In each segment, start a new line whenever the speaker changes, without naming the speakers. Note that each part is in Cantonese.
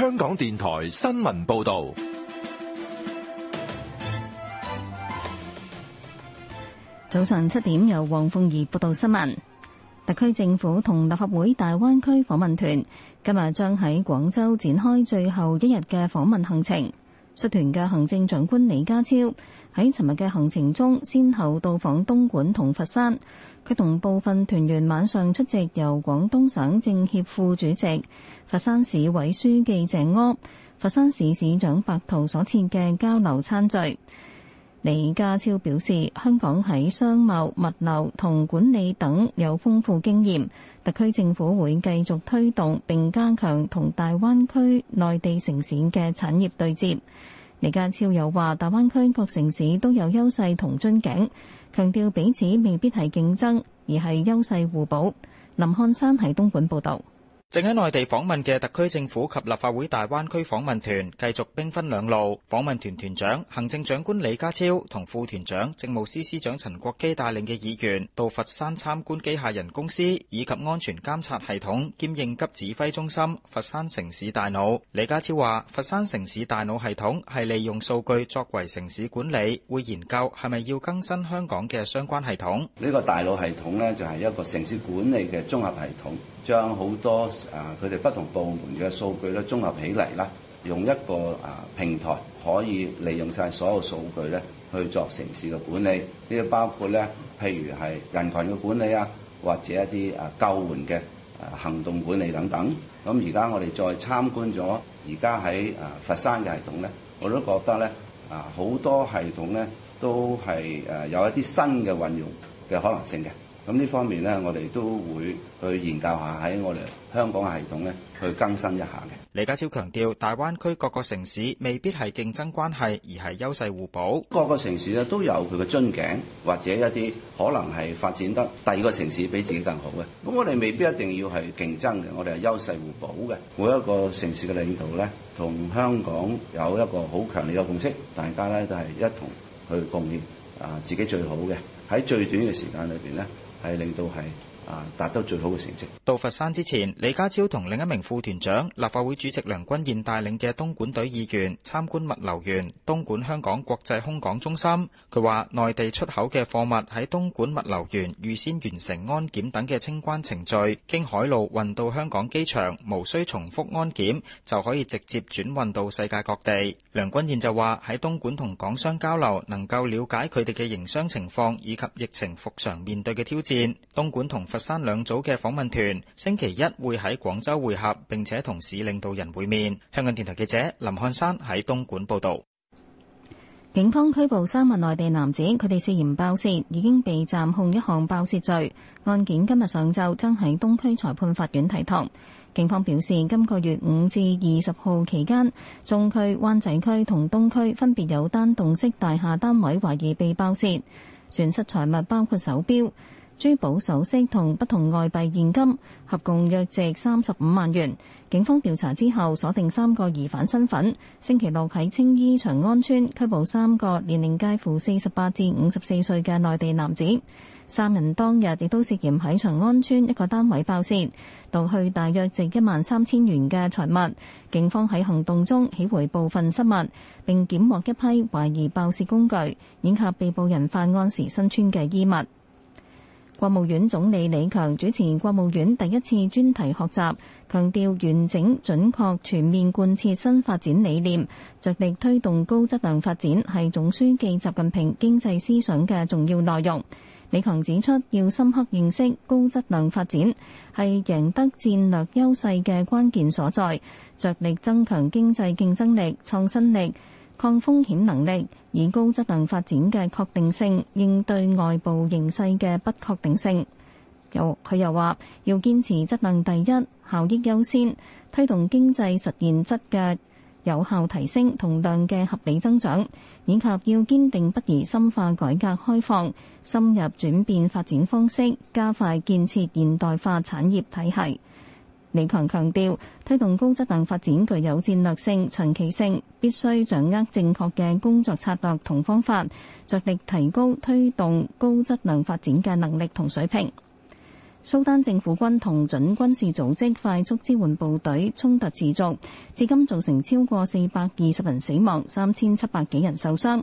香港電台新聞報道，
早上七點由黃鳳儀報道新聞。特區政府同立法會大灣區訪問團今日將喺廣州展開最後一日嘅訪問行程。出團嘅行政長官李家超喺尋日嘅行程中，先後到訪東莞同佛山。佢同部分團員晚上出席由廣東省政協副主席、佛山市委書記鄭柯、佛山市市長白濤所設嘅交流餐聚。李家超表示，香港喺商貿、物流同管理等有豐富經驗，特區政府會繼續推動並加強同大灣區內地城市嘅產業對接。李家超又話，大灣區各城市都有優勢同樽頸，強調彼此未必係競爭，而係優勢互補。林漢山喺東莞報道。
正喺內地訪問嘅特區政府及立法會大灣區訪問團繼續兵分兩路。訪問團團長、行政長官李家超同副團長政務司司長陳國基帶領嘅議員到佛山參觀機械人公司以及安全監察系統兼應急指揮中心——佛山城市大腦。李家超話：佛山城市大腦系統係利用數據作為城市管理，會研究係咪
要更新香港嘅相關系統。呢個大腦系統呢，就係一個城市管理嘅綜合系統。將好多啊佢哋不同部門嘅數據咧綜合起嚟啦，用一個啊平台可以利用晒所有數據咧去做城市嘅管理，呢個包括咧譬如係人群嘅管理啊，或者一啲啊救援嘅啊行動管理等等。咁而家我哋再參觀咗而家喺啊佛山嘅系統咧，我都覺得咧啊好多系統咧都係誒有一啲新嘅運用嘅可能性嘅。咁呢方面咧，我哋都會去研究下喺我哋香港嘅系統咧，去更新一下嘅。
李家超強
調，大灣區
各個城市未必係競爭關係，而係優勢互
補。各個城市咧都有佢嘅樽頸，或者一啲可能係發展得第二個城市比自己更好嘅。咁我哋未必一定要係競爭嘅，我哋係優勢互補嘅。每一個城市嘅領導咧，同香港有一個好強烈嘅共識，大家咧都係一同去貢獻啊自己最好嘅，喺最短嘅時間裏面咧。係，令到係。達到最好嘅成績。
到佛山之前，李家超同另一名副團長立法會主席梁君彥帶領嘅東莞隊議員參觀物流園東莞香港國際空港中心。佢話內地出口嘅貨物喺東莞物流園預先完成安檢等嘅清關程序，經海路運到香港機場，無需重複安檢，就可以直接轉運到世界各地。梁君彥就話喺東莞同港商交流，能夠了解佢哋嘅營商情況以及疫情復常面對嘅挑戰，東莞同佛山兩組嘅訪問團星期一會喺廣州會合，並且同市領導人會面。香港電台記者林漢山喺東莞報導。
警方拘捕三名內地男子，佢哋涉嫌爆竊，已經被暫控一項爆竊罪。案件今日上晝將喺東區裁判法院提堂。警方表示，今個月五至二十號期間，中區、灣仔區同東區分別有單棟式大廈單位懷疑被爆竊，損失財物包括手錶。珠寶首飾同不同外幣現金，合共約值三十五萬元。警方調查之後，鎖定三個疑犯身份，星期六喺青衣長安村拘捕三個年齡介乎四十八至五十四歲嘅內地男子。三人當日亦都涉嫌喺長安村一個單位爆竊，盜去大約值一萬三千元嘅財物。警方喺行動中起回部分失物，並檢獲一批懷疑爆竊工具，以及被捕人犯案時身穿嘅衣物。國務院總理李強主持國務院第一次專題學習，強調完整、準確、全面貫徹新發展理念，着力推動高質量發展，係總書記習近平經濟思想嘅重要內容。李強指出，要深刻認識高質量發展係贏得戰略優勢嘅關鍵所在，着力增強經濟競爭力、創新力。抗風險能力，以高質量發展嘅確定性，應對外部形勢嘅不確定性。他又，佢又話，要堅持質量第一、效益優先，推動經濟實現質嘅有效提升同量嘅合理增長，以及要堅定不移深化改革開放，深入轉變發展方式，加快建設現代化產業體系。李強強調，推動高質量發展具有戰略性、長期性，必須掌握正確嘅工作策略同方法，着力提高推動高質量發展嘅能力同水平。蘇丹政府軍同準軍事組織快速支援部隊衝突持續，至今造成超過四百二十人死亡、三千七百幾人受傷，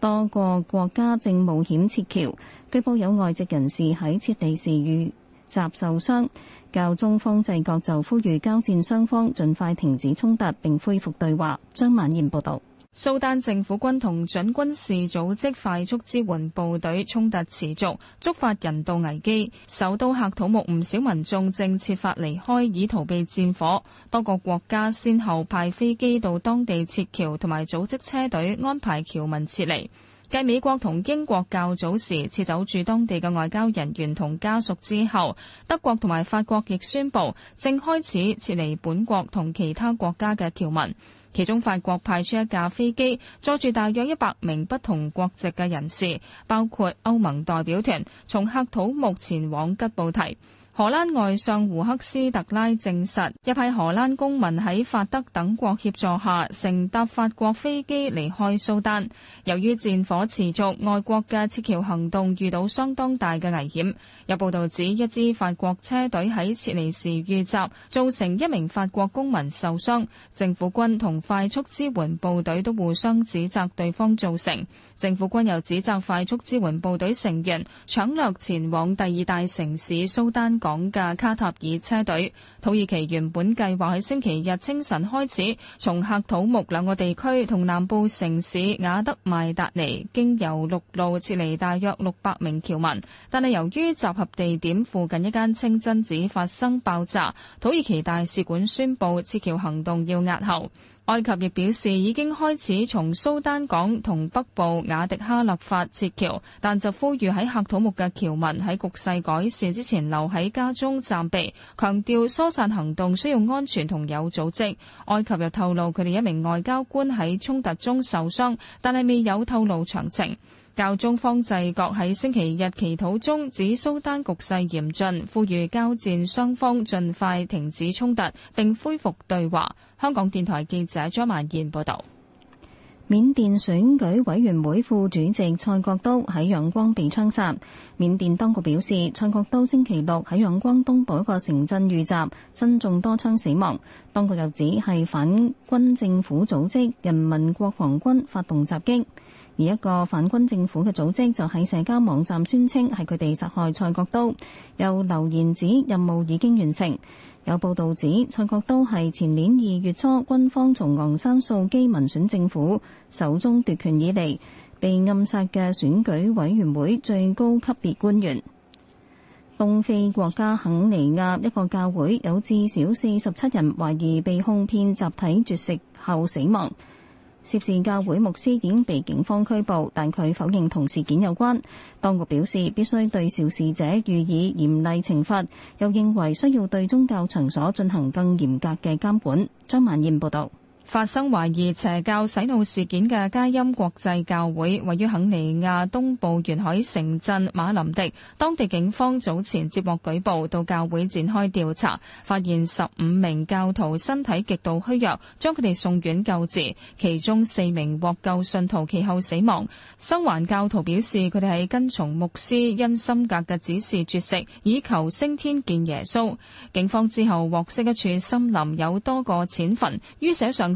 多個國家正冒險撤僑，據報有外籍人士喺撤離時遇集受傷，教中方制國就呼籲交戰雙方盡快停止衝突，並恢復對話。張晚燕報道。
蘇丹政府軍同準軍事組織快速支援部隊衝突持續，觸發人道危機。首都喀土穆唔少民眾正設法離開，以逃避戰火，多個國家先後派飛機到當地撤僑同埋組織車隊安排僑民撤離。繼美國同英國較早時撤走住當地嘅外交人員同家屬之後，德國同埋法國亦宣布正開始撤離本國同其他國家嘅僑民，其中法國派出一架飛機坐住大約一百名不同國籍嘅人士，包括歐盟代表團，從喀土穆前往吉布提。荷蘭外相胡克斯特拉證實，一批荷蘭公民喺法德等國協助下，乘搭法國飛機離開蘇丹。由於戰火持續，外國嘅撤僑行動遇到相當大嘅危險。有報導指，一支法國車隊喺撤離時遇襲，造成一名法國公民受傷。政府軍同快速支援部隊都互相指責對方造成。政府軍又指責快速支援部隊成員搶掠前往第二大城市蘇丹。港嘅卡塔爾車隊，土耳其原本計劃喺星期日清晨開始，從黑土木兩個地區同南部城市雅德邁達尼經由陸路撤離大約六百名僑民，但係由於集合地點附近一間清真寺發生爆炸，土耳其大使館宣布撤僑行動要押後。埃及亦表示已經開始從蘇丹港同北部瓦迪哈勒法撤僑，但就呼籲喺喀土木嘅僑民喺局勢改善之前留喺家中暫避，強調疏散行動需要安全同有組織。埃及又透露佢哋一名外交官喺衝突中受傷，但係未有透露詳情。教宗方濟各喺星期日祈禱中指蘇丹局勢嚴峻，呼籲交戰雙方盡快停止衝突，並恢復對話。香港電台記者張曼燕報道。
緬甸選舉委員會副主席蔡國都喺仰光被槍殺。緬甸當局表示，蔡國都星期六喺仰光東部一個城鎮遇襲，身中多槍死亡。當局又指係反軍政府組織人民國防軍發動襲擊。而一個反軍政府嘅組織就喺社交網站宣稱係佢哋殺害蔡國都，又留言指任務已經完成。有報導指蔡國都係前年二月初軍方從昂山素基民選政府手中奪權以嚟，被暗殺嘅選舉委員會最高級別官員。東非國家肯尼亞一個教會有至少四十七人懷疑被哄騙集體絕食後死亡。涉事教會牧師已經被警方拘捕，但佢否認同事件有關，當局表示必須對肇事者予以嚴厲懲，懲罰，又認為需要對宗教場所進行更嚴格嘅監管。張曼燕報道。
發生懷疑邪教洗腦事件嘅佳音國際教會，位於肯尼亞東部沿海城鎮馬林迪。當地警方早前接獲舉報，到教會展開調查，發現十五名教徒身體極度虛弱，將佢哋送院救治。其中四名獲救信徒，其後死亡。生還教徒表示，佢哋喺跟從牧師因心格嘅指示絕食，以求升天見耶穌。警方之後獲悉一處森林有多個淺墳，於寫上。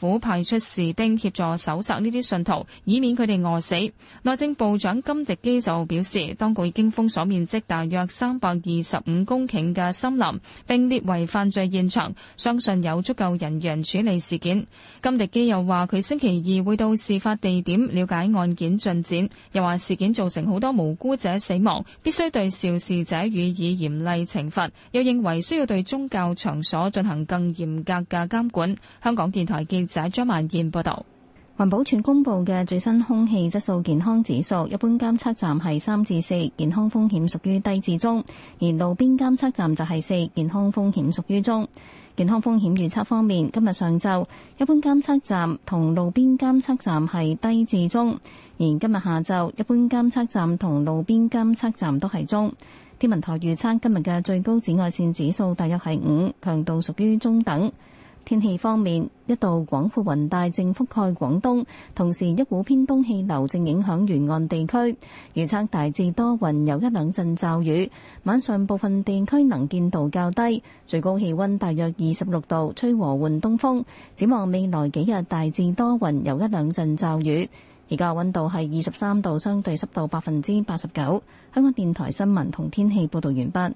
府派出士兵協助搜救呢啲信徒，以免佢哋餓死。內政部長金迪基就表示，當局已經封鎖面積大約三百二十五公頃嘅森林，並列為犯罪現場，相信有足夠人員處理事件。金迪基又話，佢星期二會到事發地點了解案件進展，又話事件造成好多無辜者死亡，必須對肇事者予以嚴厲懲，懲罰，又認為需要對宗教場所進行更嚴格嘅監管。香港電台記。記者張萬燕報道，
環保署公布嘅最新空氣質素健康指數，一般監測站係三至四，健康風險屬於低至中；而路邊監測站就係四，健康風險屬於中。健康風險預測方面，今日上晝一般監測站同路邊監測站係低至中；而今日下晝一般監測站同路邊監測站都係中。天文台預測今日嘅最高紫外綫指數大約係五，強度屬於中等。天氣方面，一道廣闊雲帶正覆蓋廣東，同時一股偏東氣流正影響沿岸地區。預測大致多雲，有一兩陣驟雨。晚上部分地區能見度較低，最高氣温大約二十六度，吹和緩東風。展望未來幾日，大致多雲，有一兩陣驟雨。而家温度係二十三度，相對濕度百分之八十九。香港電台新聞同天氣報道完畢。